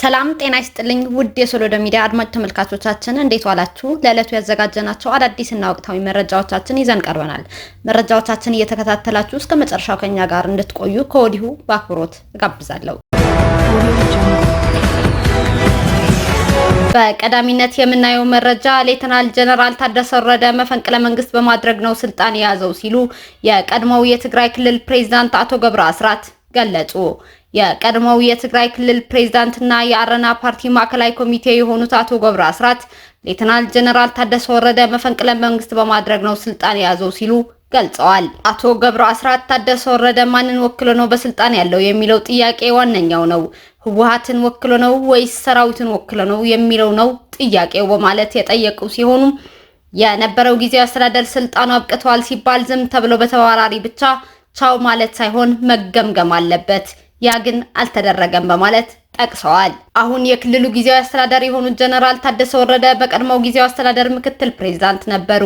ሰላም ጤና ይስጥልኝ ውድ የሶሎዶ ሚዲያ አድማጭ ተመልካቾቻችን እንዴት ዋላችሁ? ለዕለቱ ያዘጋጀናቸው አዳዲስና ወቅታዊ መረጃዎቻችን ይዘን ቀርበናል። መረጃዎቻችን እየተከታተላችሁ እስከ መጨረሻው ከኛ ጋር እንድትቆዩ ከወዲሁ በአክብሮት እጋብዛለሁ። በቀዳሚነት የምናየው መረጃ ሌተናል ጀነራል ታደሰ ወረደ መፈንቅለ መንግስት በማድረግ ነው ስልጣን የያዘው ሲሉ የቀድሞው የትግራይ ክልል ፕሬዚዳንት አቶ ገብረ አስራት ገለጹ። የቀድሞው የትግራይ ክልል ፕሬዝዳንትና የአረና ፓርቲ ማዕከላዊ ኮሚቴ የሆኑት አቶ ገብረ አስራት ሌተናል ጀነራል ታደሰ ወረደ መፈንቅለ መንግስት በማድረግ ነው ስልጣን የያዘው ሲሉ ገልጸዋል። አቶ ገብረ አስራት ታደሰ ወረደ ማንን ወክሎ ነው በስልጣን ያለው የሚለው ጥያቄ ዋነኛው ነው። ህወሀትን ወክሎ ነው ወይስ ሰራዊትን ወክሎ ነው የሚለው ነው ጥያቄው በማለት የጠየቁ ሲሆኑ የነበረው ጊዜ አስተዳደር ስልጣኑ አብቅተዋል ሲባል ዝም ተብሎ በተባራሪ ብቻ ቻው ማለት ሳይሆን መገምገም አለበት ያ ግን አልተደረገም በማለት ጠቅሰዋል። አሁን የክልሉ ጊዜያዊ አስተዳደር የሆኑት ጀነራል ታደሰ ወረደ በቀድሞው ጊዜያዊ አስተዳደር ምክትል ፕሬዝዳንት ነበሩ፣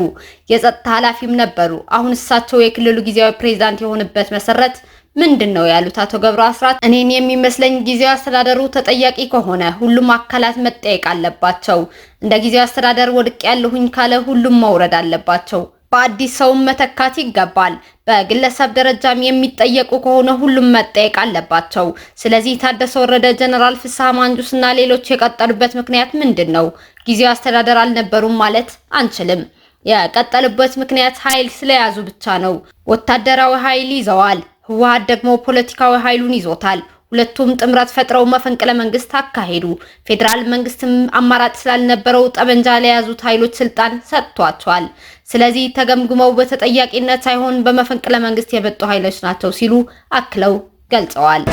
የጸጥታ ኃላፊም ነበሩ። አሁን እሳቸው የክልሉ ጊዜያዊ ፕሬዝዳንት የሆኑበት መሰረት ምንድን ነው ያሉት አቶ ገብሩ አስራት እኔን የሚመስለኝ ጊዜያዊ አስተዳደሩ ተጠያቂ ከሆነ ሁሉም አካላት መጠየቅ አለባቸው። እንደ ጊዜያዊ አስተዳደር ወድቅ ያለሁኝ ካለ ሁሉም መውረድ አለባቸው። በአዲስ ሰውን መተካት ይገባል። በግለሰብ ደረጃም የሚጠየቁ ከሆነ ሁሉም መጠየቅ አለባቸው። ስለዚህ ታደሰ ወረደ፣ ጀነራል ፍስሐ ማንጁስና ሌሎች የቀጠሉበት ምክንያት ምንድን ነው? ጊዜው አስተዳደር አልነበሩም ማለት አንችልም። የቀጠሉበት ምክንያት ኃይል ስለያዙ ብቻ ነው። ወታደራዊ ኃይል ይዘዋል። ህወሓት ደግሞ ፖለቲካዊ ኃይሉን ይዞታል። ሁለቱም ጥምረት ፈጥረው መፈንቅለ መንግስት አካሄዱ። ፌዴራል መንግስትም አማራጭ ስላልነበረው ጠመንጃ ለያዙት ኃይሎች ስልጣን ሰጥቷቸዋል። ስለዚህ ተገምግመው በተጠያቂነት ሳይሆን በመፈንቅለ መንግስት የመጡ ኃይሎች ናቸው ሲሉ አክለው ገልጸዋል።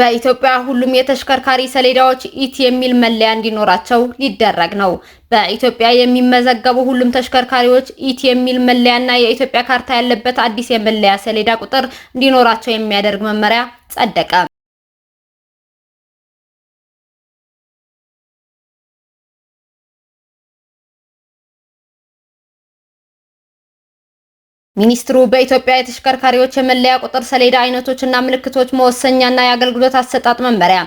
በኢትዮጵያ ሁሉም የተሽከርካሪ ሰሌዳዎች ኢት የሚል መለያ እንዲኖራቸው ሊደረግ ነው። በኢትዮጵያ የሚመዘገቡ ሁሉም ተሽከርካሪዎች ኢት የሚል መለያና የኢትዮጵያ ካርታ ያለበት አዲስ የመለያ ሰሌዳ ቁጥር እንዲኖራቸው የሚያደርግ መመሪያ ጸደቀ። ሚኒስትሩ በኢትዮጵያ የተሽከርካሪዎች የመለያ ቁጥር ሰሌዳ አይነቶችና ምልክቶች መወሰኛና የአገልግሎት አሰጣጥ መመሪያ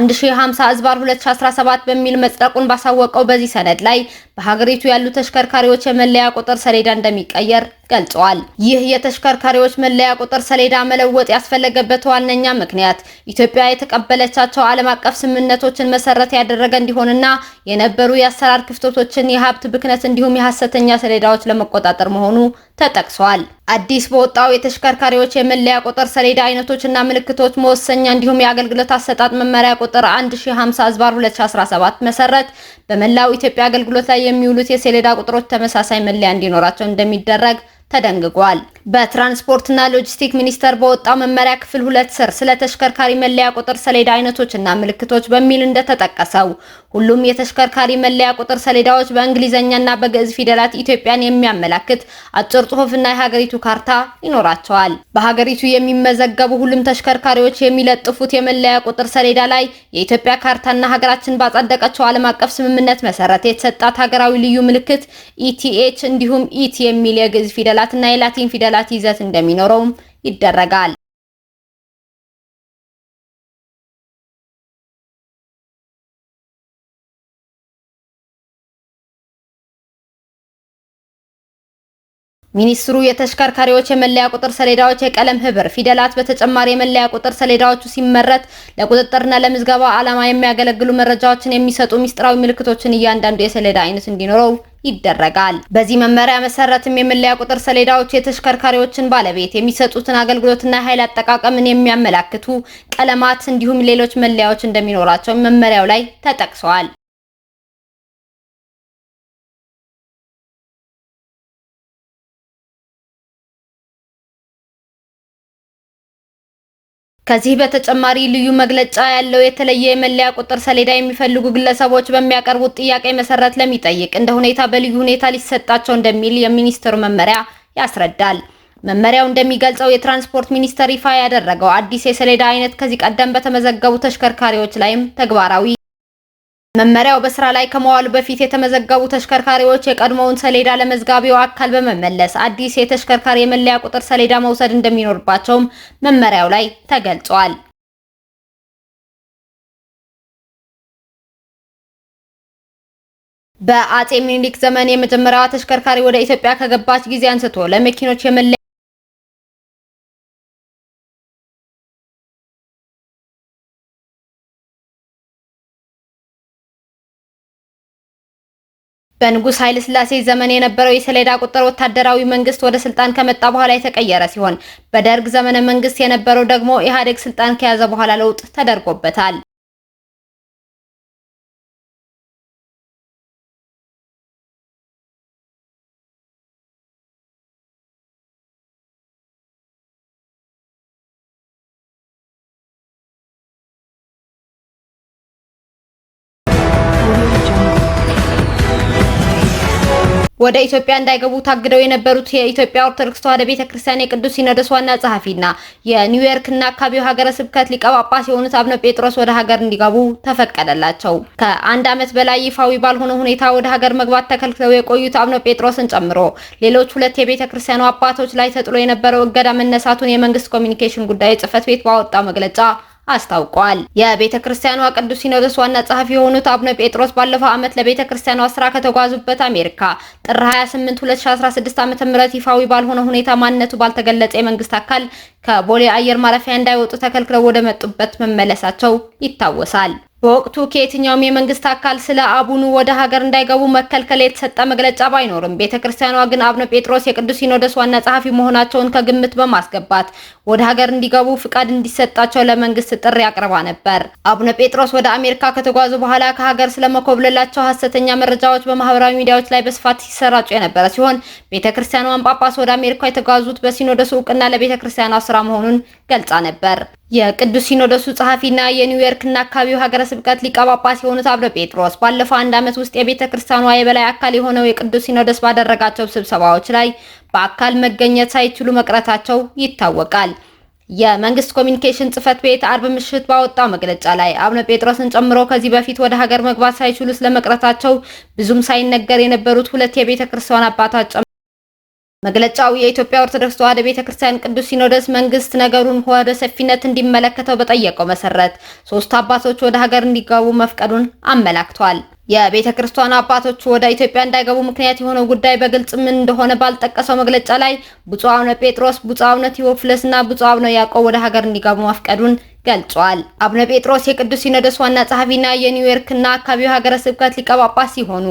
1050 ህዝባር 2017 በሚል መጽደቁን ባሳወቀው በዚህ ሰነድ ላይ በሀገሪቱ ያሉ ተሽከርካሪዎች የመለያ ቁጥር ሰሌዳ እንደሚቀየር ገልጸዋል። ይህ የተሽከርካሪዎች መለያ ቁጥር ሰሌዳ መለወጥ ያስፈለገበት ዋነኛ ምክንያት ኢትዮጵያ የተቀበለቻቸው ዓለም አቀፍ ስምምነቶችን መሰረት ያደረገ እንዲሆንና የነበሩ የአሰራር ክፍተቶችን፣ የሀብት ብክነት እንዲሁም የሀሰተኛ ሰሌዳዎች ለመቆጣጠር መሆኑ ተጠቅሷል። አዲስ በወጣው የተሽከርካሪዎች የመለያ ቁጥር ሰሌዳ አይነቶችና ምልክቶች መወሰኛ እንዲሁም የአገልግሎት አሰጣጥ መመሪያ ቁጥር 1050/2017 መሰረት በመላው ኢትዮጵያ አገልግሎት ላይ የሚውሉት የሰሌዳ ቁጥሮች ተመሳሳይ መለያ እንዲኖራቸው እንደሚደረግ ተደንግጓል። በትራንስፖርትና ሎጂስቲክ ሚኒስቴር በወጣ መመሪያ ክፍል ሁለት ስር ስለ ተሽከርካሪ መለያ ቁጥር ሰሌዳ አይነቶችና ምልክቶች በሚል እንደተጠቀሰው ሁሉም የተሽከርካሪ መለያ ቁጥር ሰሌዳዎች በእንግሊዝኛና በግዕዝ ፊደላት ኢትዮጵያን የሚያመላክት አጭር ጽሑፍና የሀገሪቱ ካርታ ይኖራቸዋል። በሀገሪቱ የሚመዘገቡ ሁሉም ተሽከርካሪዎች የሚለጥፉት የመለያ ቁጥር ሰሌዳ ላይ የኢትዮጵያ ካርታና ሀገራችን ባጸደቀችው ዓለም አቀፍ ስምምነት መሰረት የተሰጣት ሀገራዊ ልዩ ምልክት ኢቲኤች እንዲሁም ኢት የሚል የግዕዝ ፊደላትና የላቲን ፊደላት የቃላት ይዘት እንደሚኖረውም ይደረጋል። ሚኒስትሩ የተሽከርካሪዎች የመለያ ቁጥር ሰሌዳዎች የቀለም ህብር፣ ፊደላት በተጨማሪ የመለያ ቁጥር ሰሌዳዎቹ ሲመረት ለቁጥጥርና ለምዝገባ ዓላማ የሚያገለግሉ መረጃዎችን የሚሰጡ ሚስጥራዊ ምልክቶችን እያንዳንዱ የሰሌዳ አይነት እንዲኖረው ይደረጋል። በዚህ መመሪያ መሰረትም የመለያ ቁጥር ሰሌዳዎች የተሽከርካሪዎችን ባለቤት የሚሰጡትን አገልግሎትና ኃይል አጠቃቀምን የሚያመላክቱ ቀለማት እንዲሁም ሌሎች መለያዎች እንደሚኖራቸው መመሪያው ላይ ተጠቅሰዋል። ከዚህ በተጨማሪ ልዩ መግለጫ ያለው የተለየ የመለያ ቁጥር ሰሌዳ የሚፈልጉ ግለሰቦች በሚያቀርቡት ጥያቄ መሰረት ለሚጠይቅ እንደ ሁኔታ በልዩ ሁኔታ ሊሰጣቸው እንደሚል የሚኒስቴሩ መመሪያ ያስረዳል። መመሪያው እንደሚገልጸው የትራንስፖርት ሚኒስቴር ይፋ ያደረገው አዲስ የሰሌዳ አይነት ከዚህ ቀደም በተመዘገቡ ተሽከርካሪዎች ላይም ተግባራዊ መመሪያው በስራ ላይ ከመዋሉ በፊት የተመዘገቡ ተሽከርካሪዎች የቀድሞውን ሰሌዳ ለመዝጋቢው አካል በመመለስ አዲስ የተሽከርካሪ የመለያ ቁጥር ሰሌዳ መውሰድ እንደሚኖርባቸውም መመሪያው ላይ ተገልጿል። በአጼ ሚኒሊክ ዘመን የመጀመሪያዋ ተሽከርካሪ ወደ ኢትዮጵያ ከገባች ጊዜ አንስቶ ለመኪኖች የመለያ በንጉስ ኃይለ ሥላሴ ዘመን የነበረው የሰሌዳ ቁጥር ወታደራዊ መንግስት ወደ ስልጣን ከመጣ በኋላ የተቀየረ ሲሆን በደርግ ዘመነ መንግስት የነበረው ደግሞ ኢህአዴግ ስልጣን ከያዘ በኋላ ለውጥ ተደርጎበታል። ወደ ኢትዮጵያ እንዳይገቡ ታግደው የነበሩት የኢትዮጵያ ኦርቶዶክስ ተዋሕዶ ቤተክርስቲያን የቅዱስ ሲኖዶስ ዋና ጸሐፊና የኒውዮርክና አካባቢው ሀገረ ስብከት ሊቀ ጳጳስ የሆኑት አቡነ ጴጥሮስ ወደ ሀገር እንዲገቡ ተፈቀደላቸው። ከአንድ ዓመት በላይ ይፋዊ ባልሆነ ሁኔታ ወደ ሀገር መግባት ተከልክለው የቆዩት አቡነ ጴጥሮስን ጨምሮ ሌሎች ሁለት የቤተክርስቲያኑ አባቶች ላይ ተጥሎ የነበረው እገዳ መነሳቱን የመንግስት ኮሚኒኬሽን ጉዳይ ጽህፈት ቤት ባወጣው መግለጫ አስታውቋል። የቤተ ክርስቲያኗ ቅዱስ ሲኖዶስ ዋና ጸሐፊ የሆኑት አቡነ ጴጥሮስ ባለፈው ዓመት ለቤተ ክርስቲያኗ ስራ ከተጓዙበት አሜሪካ ጥር 28 2016 ዓ.ም ይፋዊ ባልሆነ ሁኔታ ማንነቱ ባልተገለጸ የመንግስት አካል ከቦሌ አየር ማረፊያ እንዳይወጡ ተከልክለው ወደ መጡበት መመለሳቸው ይታወሳል። በወቅቱ ከየትኛውም የመንግስት አካል ስለ አቡኑ ወደ ሀገር እንዳይገቡ መከልከል የተሰጠ መግለጫ ባይኖርም ቤተ ክርስቲያኗ ግን አቡነ ጴጥሮስ የቅዱስ ሲኖዶስ ዋና ጸሐፊ መሆናቸውን ከግምት በማስገባት ወደ ሀገር እንዲገቡ ፍቃድ እንዲሰጣቸው ለመንግስት ጥሪ አቅርባ ነበር። አቡነ ጴጥሮስ ወደ አሜሪካ ከተጓዙ በኋላ ከሀገር ስለመኮብለላቸው ሀሰተኛ መረጃዎች በማህበራዊ ሚዲያዎች ላይ በስፋት ሲሰራጩ የነበረ ሲሆን ቤተ ክርስቲያኗን ጳጳስ ወደ አሜሪካ የተጓዙት በሲኖዶሱ እውቅና ለቤተ ክርስቲያኗ ስራ መሆኑን ገልጻ ነበር። የቅዱስ ሲኖዶሱ ጸሐፊና የኒውዮርክና አካባቢው ሀገረ ስብከት ሊቀ ጳጳስ የሆኑት አቡነ ጴጥሮስ ባለፈው አንድ ዓመት ውስጥ የቤተ ክርስቲያኗ የበላይ አካል የሆነው የቅዱስ ሲኖዶስ ባደረጋቸው ስብሰባዎች ላይ በአካል መገኘት ሳይችሉ መቅረታቸው ይታወቃል። የመንግስት ኮሚኒኬሽን ጽህፈት ቤት አርብ ምሽት ባወጣው መግለጫ ላይ አቡነ ጴጥሮስን ጨምሮ ከዚህ በፊት ወደ ሀገር መግባት ሳይችሉ ስለመቅረታቸው ብዙም ሳይነገር የነበሩት ሁለት የቤተ ክርስቲያን አባታት መግለጫው የኢትዮጵያ ኦርቶዶክስ ተዋሕዶ ቤተክርስቲያን ቅዱስ ሲኖዶስ መንግስት ነገሩን ወደ ሰፊነት እንዲመለከተው በጠየቀው መሰረት ሶስት አባቶች ወደ ሀገር እንዲገቡ መፍቀዱን አመላክቷል። የቤተ ክርስቲያን አባቶች ወደ ኢትዮጵያ እንዳይገቡ ምክንያት የሆነው ጉዳይ በግልጽ ምን እንደሆነ ባልጠቀሰው መግለጫ ላይ ብፁዕ አቡነ ጴጥሮስ፣ ብፁዕ አቡነ ቴዎፍሎስና ብፁዕ አቡነ ያዕቆብ ወደ ሀገር እንዲገቡ ማፍቀዱን ገልጿል። አቡነ ጴጥሮስ የቅዱስ ሲኖዶስ ዋና ጸሐፊና የኒውዮርክና አካባቢው ሀገረ ስብከት ሊቀ ጳጳስ ሲሆኑ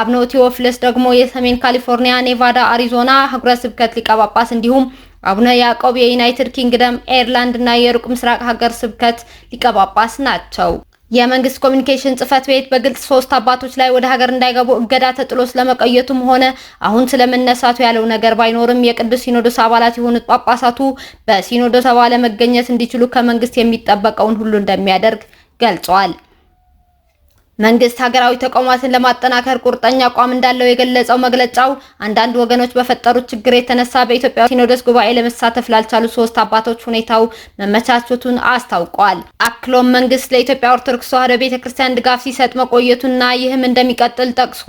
አቡነ ቴዎፍለስ ደግሞ የሰሜን ካሊፎርኒያ፣ ኔቫዳ፣ አሪዞና ሀገረ ስብከት ሊቀ ጳጳስ እንዲሁም አቡነ ያዕቆብ የዩናይትድ ኪንግደም፣ ኤርላንድ እና የሩቅ ምስራቅ ሀገር ስብከት ሊቀ ጳጳስ ናቸው። የመንግስት ኮሚኒኬሽን ጽህፈት ቤት በግልጽ ሶስት አባቶች ላይ ወደ ሀገር እንዳይገቡ እገዳ ተጥሎ ስለመቀየቱም ሆነ አሁን ስለመነሳቱ ያለው ነገር ባይኖርም የቅዱስ ሲኖዶስ አባላት የሆኑት ጳጳሳቱ በሲኖዶስ አባለ መገኘት እንዲችሉ ከመንግስት የሚጠበቀውን ሁሉ እንደሚያደርግ ገልጿል። መንግስት ሀገራዊ ተቋማትን ለማጠናከር ቁርጠኛ አቋም እንዳለው የገለጸው መግለጫው አንዳንድ ወገኖች በፈጠሩት ችግር የተነሳ በኢትዮጵያ ሲኖዶስ ጉባኤ ለመሳተፍ ላልቻሉ ሶስት አባቶች ሁኔታው መመቻቸቱን አስታውቋል። አክሎም መንግስት ለኢትዮጵያ ኦርቶዶክስ ተዋሕዶ ቤተክርስቲያን ድጋፍ ሲሰጥ መቆየቱና ይህም እንደሚቀጥል ጠቅሶ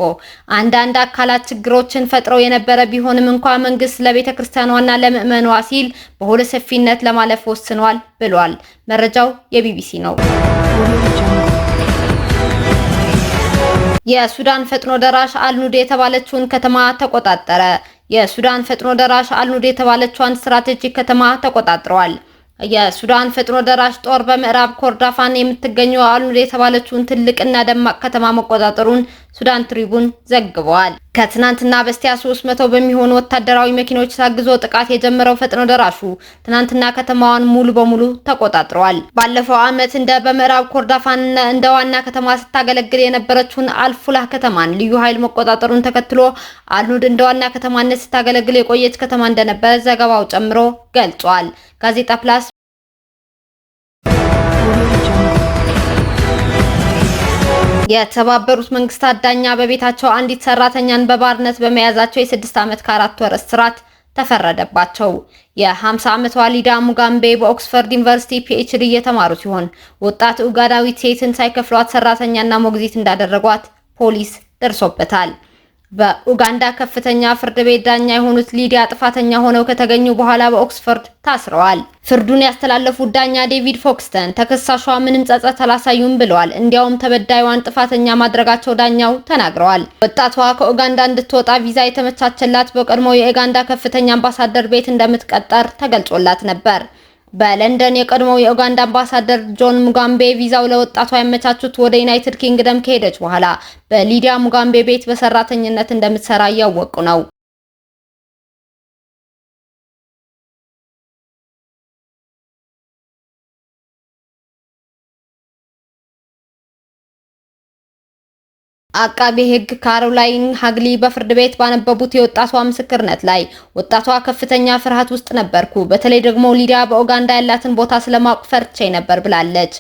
አንዳንድ አካላት ችግሮችን ፈጥረው የነበረ ቢሆንም እንኳ መንግስት ለቤተክርስቲያኗና ለምዕመኗ ሲል በሆደ ሰፊነት ለማለፍ ወስኗል ብሏል። መረጃው የቢቢሲ ነው። የሱዳን ፈጥኖ ደራሽ አልኑድ የተባለችውን ከተማ ተቆጣጠረ። የሱዳን ፈጥኖ ደራሽ አልኑድ የተባለችውን ስትራቴጂክ ከተማ ተቆጣጥረዋል። የሱዳን ፈጥኖ ደራሽ ጦር በምዕራብ ኮርዳፋን የምትገኘው አልኑድ የተባለችውን ትልቅና ደማቅ ከተማ መቆጣጠሩን ሱዳን ትሪቡን ዘግበዋል። ከትናንትና በስቲያ 300 በሚሆኑ ወታደራዊ መኪኖች ታግዞ ጥቃት የጀመረው ፈጥኖ ደራሹ ትናንትና ከተማዋን ሙሉ በሙሉ ተቆጣጥሯል። ባለፈው ዓመት እንደ በምዕራብ ኮርዳፋንና እንደ ዋና ከተማ ስታገለግል የነበረችውን አልፉላህ ከተማን ልዩ ኃይል መቆጣጠሩን ተከትሎ አልኑድ እንደ ዋና ከተማነት ስታገለግል የቆየች ከተማ እንደነበረ ዘገባው ጨምሮ ገልጿል። ጋዜጣ ፕላስ የተባበሩት መንግስታት ዳኛ በቤታቸው አንዲት ሰራተኛን በባርነት በመያዛቸው የስድስት ዓመት ከአራት ወር እስራት ተፈረደባቸው። የ50 ዓመቷ ሊዳ ሙጋምቤ በኦክስፈርድ ዩኒቨርሲቲ ፒኤችዲ እየተማሩ ሲሆን ወጣት ኡጋዳዊት ሴትን ሳይከፍሏት ሰራተኛና ሞግዚት እንዳደረጓት ፖሊስ ደርሶበታል። በኡጋንዳ ከፍተኛ ፍርድ ቤት ዳኛ የሆኑት ሊዲያ ጥፋተኛ ሆነው ከተገኙ በኋላ በኦክስፎርድ ታስረዋል። ፍርዱን ያስተላለፉት ዳኛ ዴቪድ ፎክስተን ተከሳሿ ምንም ጸጸት አላሳዩም ብለዋል። እንዲያውም ተበዳይዋን ጥፋተኛ ማድረጋቸው ዳኛው ተናግረዋል። ወጣቷ ከኡጋንዳ እንድትወጣ ቪዛ የተመቻቸላት በቀድሞ የኡጋንዳ ከፍተኛ አምባሳደር ቤት እንደምትቀጠር ተገልጾላት ነበር። በለንደን የቀድሞው የኡጋንዳ አምባሳደር ጆን ሙጋምቤ ቪዛው ለወጣቷ ያመቻቹት ወደ ዩናይትድ ኪንግደም ከሄደች በኋላ በሊዲያ ሙጋምቤ ቤት በሰራተኝነት እንደምትሰራ እያወቁ ነው። አቃቤ ሕግ ካሮላይን ሀግሊ በፍርድ ቤት ባነበቡት የወጣቷ ምስክርነት ላይ ወጣቷ ከፍተኛ ፍርሃት ውስጥ ነበርኩ፣ በተለይ ደግሞ ሊዲያ በኡጋንዳ ያላትን ቦታ ስለማወቅ ፈርቼ ነበር ብላለች።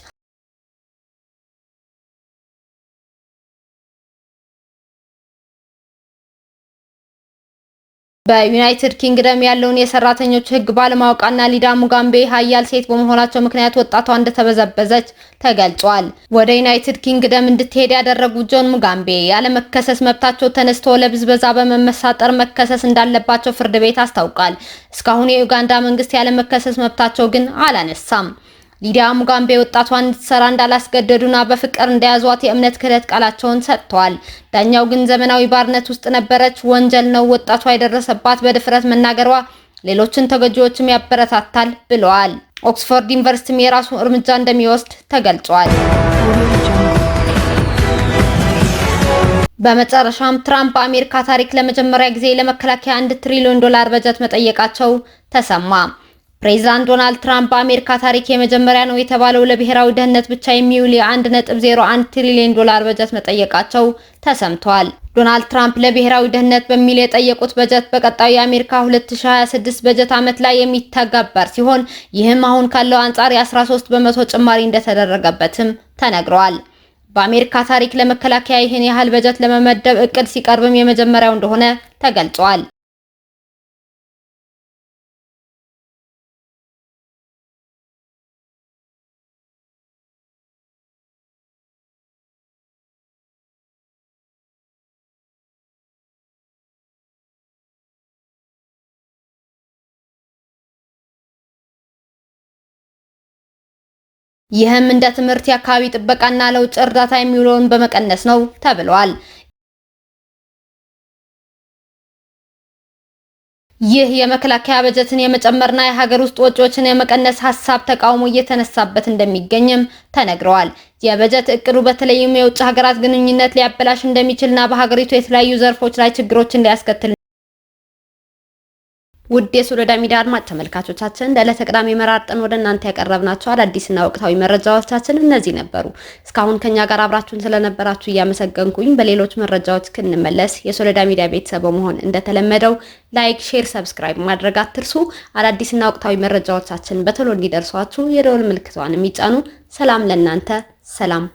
በዩናይትድ ኪንግደም ያለውን የሰራተኞች ህግ ባለማወቃና ሊዳ ሙጋምቤ ሀያል ሴት በመሆናቸው ምክንያት ወጣቷ እንደተበዘበዘች ተገልጿል። ወደ ዩናይትድ ኪንግደም እንድትሄድ ያደረጉት ጆን ሙጋምቤ ያለመከሰስ መብታቸው ተነስቶ ለብዝበዛ በመመሳጠር መከሰስ እንዳለባቸው ፍርድ ቤት አስታውቃል። እስካሁን የዩጋንዳ መንግስት ያለመከሰስ መብታቸው ግን አላነሳም። ሊዲያ ሙጋምቤ ወጣቷን እንድትሰራ እንዳላስገደዱና በፍቅር እንደያዟት የእምነት ክህደት ቃላቸውን ሰጥተዋል። ዳኛው ግን ዘመናዊ ባርነት ውስጥ ነበረች፣ ወንጀል ነው ወጣቷ የደረሰባት፣ በድፍረት መናገሯ ሌሎችን ተጎጂዎችም ያበረታታል ብለዋል። ኦክስፎርድ ዩኒቨርሲቲም የራሱ እርምጃ እንደሚወስድ ተገልጿል። በመጨረሻም ትራምፕ በአሜሪካ ታሪክ ለመጀመሪያ ጊዜ ለመከላከያ አንድ ትሪሊዮን ዶላር በጀት መጠየቃቸው ተሰማ። ፕሬዚዳንት ዶናልድ ትራምፕ በአሜሪካ ታሪክ የመጀመሪያ ነው የተባለው ለብሔራዊ ደህንነት ብቻ የሚውል የ1.01 ትሪሊዮን ዶላር በጀት መጠየቃቸው ተሰምቷል። ዶናልድ ትራምፕ ለብሔራዊ ደህንነት በሚል የጠየቁት በጀት በቀጣዩ የአሜሪካ 2026 በጀት ዓመት ላይ የሚተገበር ሲሆን ይህም አሁን ካለው አንጻር የ13 በመቶ ጭማሪ እንደተደረገበትም ተነግረዋል። በአሜሪካ ታሪክ ለመከላከያ ይህን ያህል በጀት ለመመደብ እቅድ ሲቀርብም የመጀመሪያው እንደሆነ ተገልጿል። ይህም እንደ ትምህርት፣ የአካባቢ ጥበቃና ለውጭ እርዳታ የሚውለውን በመቀነስ ነው ተብሏል። ይህ የመከላከያ በጀትን የመጨመርና የሀገር ውስጥ ወጪዎችን የመቀነስ ሀሳብ ተቃውሞ እየተነሳበት እንደሚገኝም ተነግረዋል። የበጀት እቅዱ በተለይም የውጭ ሀገራት ግንኙነት ሊያበላሽ እንደሚችልና በሀገሪቱ የተለያዩ ዘርፎች ላይ ችግሮችን ሊያስከትል ውድ የሶሎዳ ሚዲያ አድማጭ ተመልካቾቻችን ለዕለተ ቅዳሜ መራርጠን ወደ እናንተ ያቀረብናቸው አዳዲስና ወቅታዊ መረጃዎቻችን እነዚህ ነበሩ። እስካሁን ከኛ ጋር አብራችሁን ስለነበራችሁ እያመሰገንኩኝ በሌሎች መረጃዎች ክንመለስ የሶሎዳ ሚዲያ ቤተሰብ በመሆን እንደተለመደው ላይክ፣ ሼር፣ ሰብስክራይብ ማድረግ አትርሱ። አዳዲስና ወቅታዊ መረጃዎቻችን በቶሎ እንዲደርሷችሁ የደወል ምልክቷን የሚጫኑ ሰላም ለእናንተ ሰላም